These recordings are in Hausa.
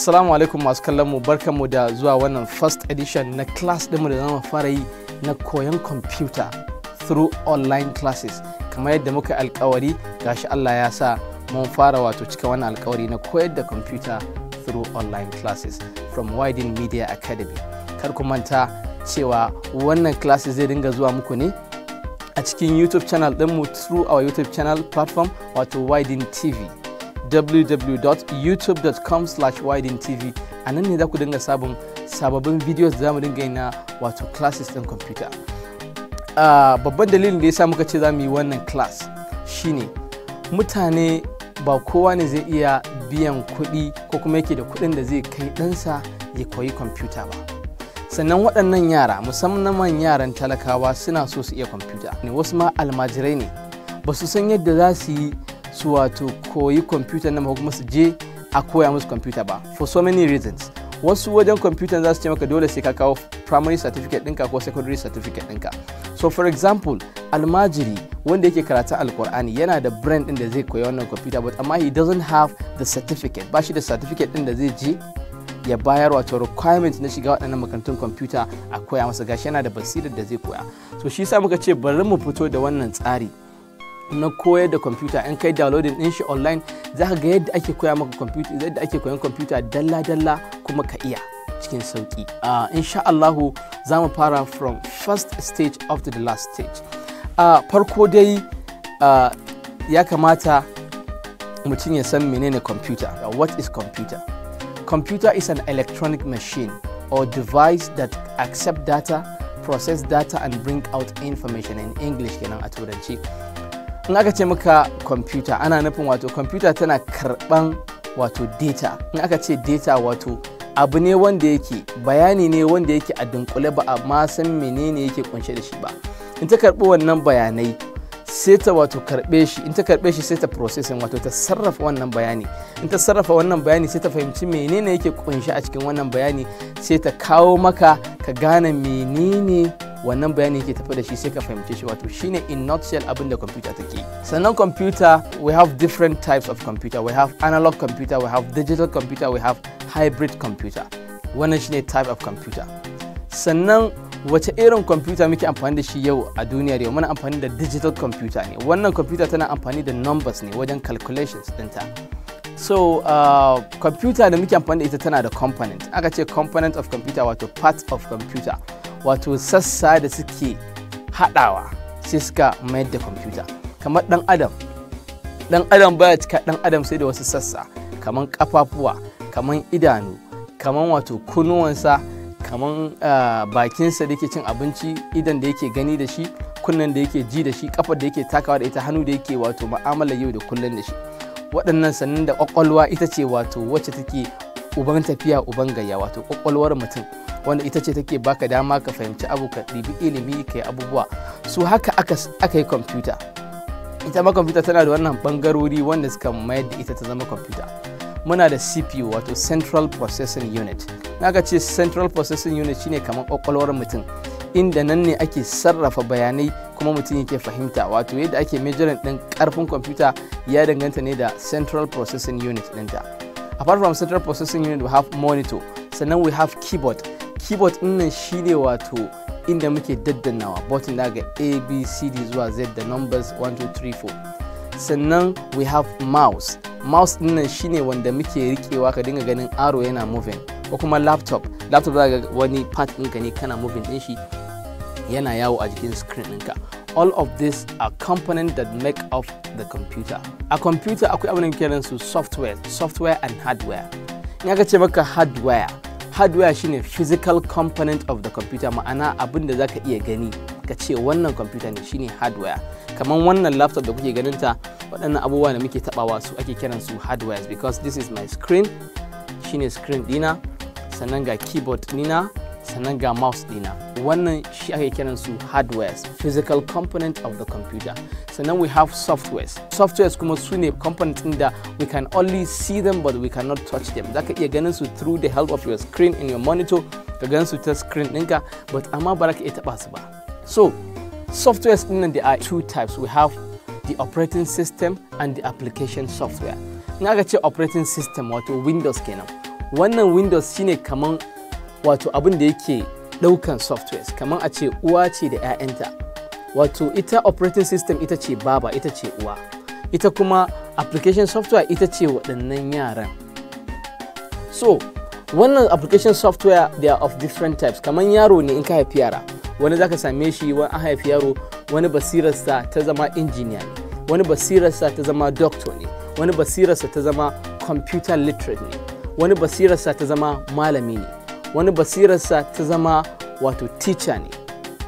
Assalamu alaikum masu kallon mu mu da zuwa wannan first edition na class mu da zama fara yi na koyon computer through online classes kamar yadda muka alkawari gashi Allah ya sa mun fara wato cika wannan alkawari na koyar da computer through online classes from Widen Media Academy kar ku manta cewa wannan classes zai dinga zuwa muku ne a cikin YouTube channel ɗinmu through our YouTube channel platform wato Widen TV www.youtube.com slash tv a nan ne za ku dinga sabon sababbin videos da za mu dinga yi na wato classes ɗin computer babban dalilin da ya sa muka ce za mu yi wannan class shine mutane ba kowa ne zai iya biyan kuɗi ko kuma yake da kuɗin da zai kai ɗansa ya koyi kwamfuta ba sannan waɗannan yara musamman yaran talakawa suna so su iya kwamfuta ne wasu ma almajirai ne ba su san yadda za su yi su wato koyi kwamfuta na kuma su je a koya musu kwamfuta ba for so many reasons wasu wajen kwamfuta za su ce maka dole sai ka kawo primary certificate ɗinka ko secondary certificate ɗinka so for example almajiri wanda yake karatun alkur'ani yana da brand ɗin da zai koya wannan kwamfuta but amma he doesn't have the certificate ba shi da certificate ɗin da zai je ya bayar wato requirement na shiga waɗannan makarantun kwamfuta a koya masa gashi yana da basirar da zai koya so shi sa muka ce bari mu fito da wannan tsari na koyar da kwamfuta in kai downloading din shi online za ka ga yadda ake koya maka kwamfuta yadda ake koyan kwamfuta dalla dalla kuma ka iya cikin sauki ah, in insha Allahu za mu fara from first stage up to the last stage ah, farko dai ah, ya kamata mutum ya san menene computer what is computer computer is an electronic machine or device that accept data process data and bring out information in english kenan a turanci in aka ce maka kwamfuta ana nufin wato kwamfuta tana karban wato data in aka ce data wato abu ne wanda yake bayani ne wanda yake a dunkule ba amma san menene yake kunshe da shi ba in ta karbi wannan bayanai sai ta wato karbe shi in ta karbe shi sai ta processing wato ta sarrafa wannan bayani in ta sarrafa wannan bayani sai ta fahimci menene yake kunshe a cikin wannan bayani sai ta kawo maka ka gane menene wannan bayani yake tafi da shi sai ka fahimce shi wato shine in not abin da computer take sannan computer we have different types of computer we have analog computer we have digital computer we have hybrid computer wannan shine type of computer sannan wace irin computer muke amfani da shi yau a duniya yau muna amfani da digital computer ne wannan computer tana amfani da numbers ne wajen calculations dinta so uh, computer da muke amfani da ita tana da component aka ce component of computer wato part of computer wato sassa da suke haɗawa sai suka mayar da kwamfuta kamar ɗan adam ɗan adam baya cika ɗan adam sai da wasu sassa kamar kafafuwa kamar idanu kamar wato kunnuwansa kamar ah, bakinsa da yake cin abinci idan da yake gani da shi kunnan da yake ji da shi kafar da yake takawa da ita hannu da yake wato ma'amalar yau da kullum da shi waɗannan sannan da ƙwaƙwalwa ita ce wato wacce take uban tafiya uban gayya wato ƙwaƙwalwar mutum wanda ita ce take baka dama ka fahimci abu ka ɗibi ilimi ka yi abubuwa su haka aka yi kwamfuta ita ma kwamfuta tana da wannan bangarori wanda suka mayar da ita ta zama kwamfuta muna da cpu wato central processing unit Na ga ce central processing unit shine kamar kwakwalwar mutum inda nan ne ake sarrafa bayanai kuma mutum yake fahimta wato yadda ake majorin ɗin ƙarfin kwamfuta ya danganta ne da central processing unit ɗinta apart from central processing unit we have monitor sannan we have keyboard keyboard nan shine wato inda muke daddanawa button da ga abcd zuwa z da numbers 1 2 3 4 sannan we have mouse mouse din nan shine wanda muke rikewa ka dinga ganin arrow yana moving ko kuma laptop laptop za ga wani part ɗinka ne kana moving din shi yana yawo a jikin screen ɗinka all of this are components that make up the computer a computer akwai abin da kiran su software software and hardware in aka ce maka hardware hardware shine physical component of the computer ma'ana abin da zaka iya gani ka ce wannan computer ne shine hardware kamar wannan laptop da kuke ganinta waɗannan abubuwa da muke taɓawa su ake kiran su hardwares because this is my screen shine screen dina sannan ga keyboard dina sannan ga mouse dina wannan shi ake kiran su hardwares physical component of the computer sannan we have softwares softwares kuma su ne component da we can only see them but we cannot touch them zaka iya ganin su through the help of your screen in your monitor ka gan su ta screen ɗinka but amma ba za ka iya taɓa su ba so softwares ɗin nan there are two types we have the operating system and the application software in aka ce operating system wato windows kenan wannan windows shine kaman wato abin da yake ɗaukan softwares kamar a ce uwa ce da 'ya'yanta wato ita operating system ita ce baba ita ce uwa ita kuma application software ita ce waɗannan yaran so wannan application software they are of different types kamar yaro ne in ka haifi yara wani zaka same shi wani an haifi yaro wani basirarsa ta zama engineer ne wani basirarsa ta zama doctor ne wani basirarsa ta zama computer literate ne wani basirarsa ta zama malami ne wani basirarsa ta zama wato teacher ne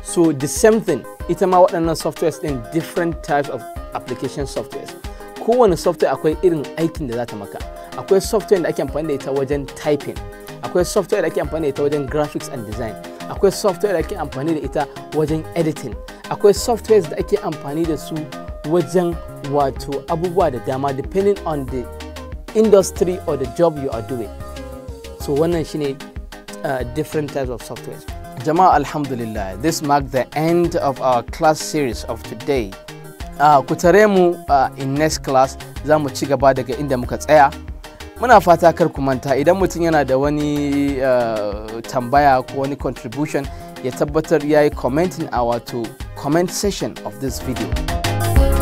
so the same thing ita ma waɗannan softwares ɗin different types of application softwares kowane software akwai irin aikin da za ta maka akwai software da ake amfani da ita wajen typing akwai software da ake amfani da ita wajen graphics and design akwai software da ake amfani da ita wajen editing akwai softwares da ake amfani da su wajen wato abubuwa da dama depending on the industry or the job you are doing so wannan shine uh, different types of software. Jama'a Alhamdulillah, this marks the end of our class series of today. Uh, ku uh, in next class zamu mu ci gaba daga inda muka tsaya. Muna fata kar ku manta idan mutum yana da wani uh, tambaya ko wani contribution ya tabbatar ya yi commenting a wato comment session of this video.